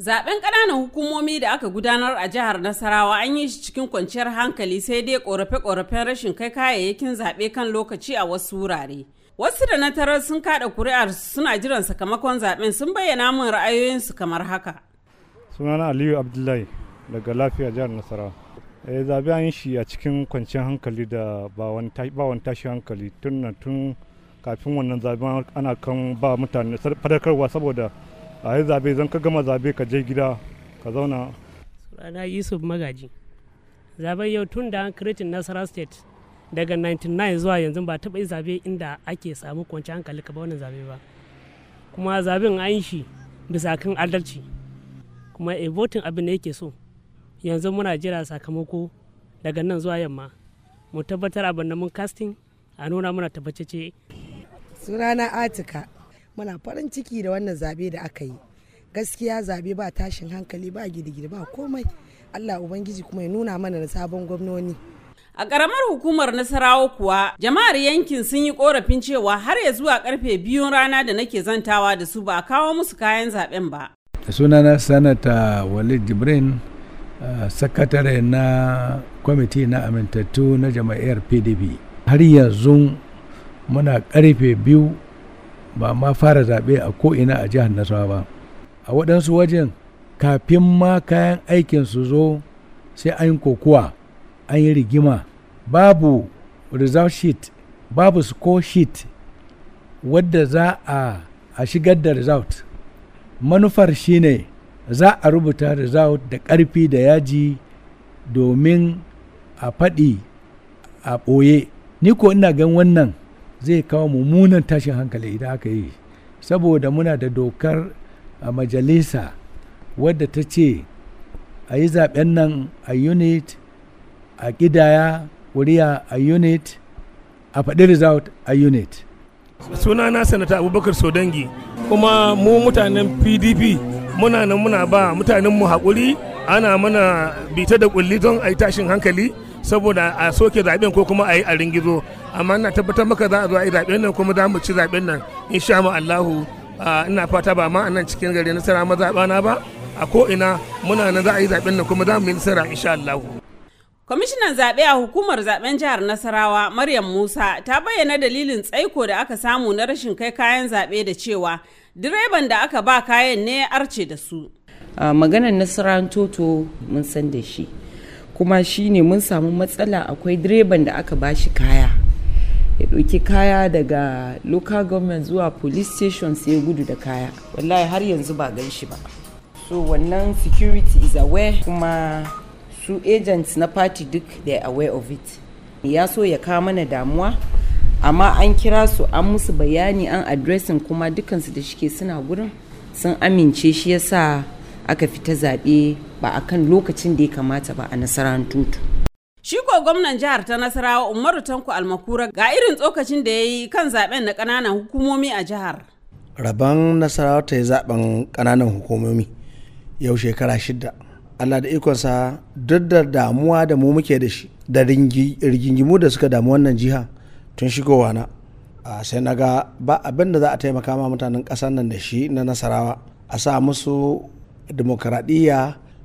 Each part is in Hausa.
Zaben ƙananan hukumomi da aka gudanar a jihar Nasarawa an yi shi cikin kwanciyar hankali sai dai ƙorafe-ƙorafen rashin kai kayayyakin zaɓe kan lokaci a wasu wurare. Wasu da na tarar sun kaɗa kuri'ar suna jiran sakamakon zaben sun bayyana min ra'ayoyinsu kamar haka. Sunana Aliyu Abdullahi daga lafiya jihar Nasarawa. E, zaɓe an yi shi a cikin kwanciyar hankali da ba wani tashi hankali tun tun kafin wannan zaben ana kan ba mutane fadarkarwa saboda a yi zabe zan ka gama zabe ka je gida ka zauna sunana yusuf magaji zaben yau tun da an kretin nasara state daga 99 zuwa yanzu ba taɓa zabe inda ake samu kwanci hankali ka ba wannan zabe ba kuma zaben an shi bisa kan adalci kuma a eh, voting abin da yake so yanzu muna jira sakamako daga nan zuwa yamma mu tabbatar abin da mun casting a nuna muna tabbatacce sunana atika muna farin ciki da wannan zabe da aka yi gaskiya zabe ba tashin hankali ba gidigidi ba komai allah ubangiji kuma ya nuna mana da sabon gwamnoni a ƙaramar hukumar nasarawa kuwa jama'ar yankin sun yi korafin cewa har ya zuwa karfe biyun rana da nake zantawa da su ba a kawo musu kayan zaben ba sunana sanata walid jibrin sakatare na kwamiti na amintattu na jama'ar pdp har yanzu muna karfe biyu ba ma fara zaɓe a ko'ina a jihar nasarawa ba a waɗansu wajen kafin ma kayan aikin su zo sai an yi kokuwa an yi rigima babu result sheet babu score sheet wadda za a, a shigar da result manufar shine za a rubuta result da ƙarfi da yaji domin a faɗi a ɓoye ni ko ina gan wannan zai kawo mummunan tashin hankali idan aka yi saboda muna da dokar a majalisa wadda ta ce a yi zaben nan a unit a ƙidaya wuriya a unit a faɗi result a unit sunana sanata abubakar sodangi kuma mu mutanen pdp muna nan muna ba mutanen mu haƙuri ana mana bita da kulli don a yi tashin hankali saboda a soke zaben ko kuma a yi a ringizo amma ina tabbatar maka za a zo a yi zaben nan kuma za mu ci zaben nan insha Allahu ina fata ba ma nan cikin gari nasara mazaɓana ba a ko ina muna nan za a yi zaben nan kuma za mu yi nasara insha Allahu Kwamishinan zaɓe a hukumar zaɓen jihar Nasarawa Maryam Musa ta bayyana dalilin tsaiko da aka samu na rashin kai kayan zaɓe da cewa direban da aka ba kayan ne ya arce da su uh, maganar nasarar toto mun san da shi kuma shi ne mun samu matsala akwai direban da aka ba shi kaya ya ɗauki kaya daga local government zuwa police station sai gudu da kaya wallahi har yanzu ba gan shi ba so wannan security is aware kuma su agents na party duk they aware of it ya so ya kawo mana damuwa amma an kira su an musu bayani an adresin kuma dukansu da shike suna gurin sun amince shi yasa aka fita zaɓe ba a kan lokacin da ya kamata ba a nasarar tutu. Shi ko gwamnan jihar ta Nasarawa Umaru Tanko Almakura ga irin tsokacin da ya yi kan zaɓen na ƙananan hukumomi a jihar. Rabon Nasarawa ta yi zaɓen ƙananan hukumomi yau shekara shida. Allah da ikonsa duk da damuwa da mu muke da shi da rigingimu da suka damu wannan jiha tun shigowa na sai na ga ba abin da za a taimaka ma mutanen ƙasar nan da shi na nasarawa a sa musu demokradiyya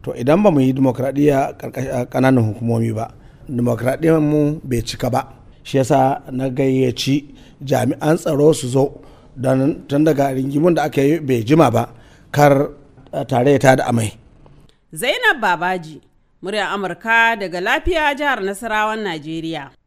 to idan ba mu yi demokradiyya ƙananan hukumomi ba dimokuraɗiyyar mu bai cika ba shi yasa na gayyaci jami'an tsaro su zo don tun daga ringimun da aka yi bai jima ba kar tare ta da amai zainab babaji murya amurka daga lafiya jihar nasarawan najeriya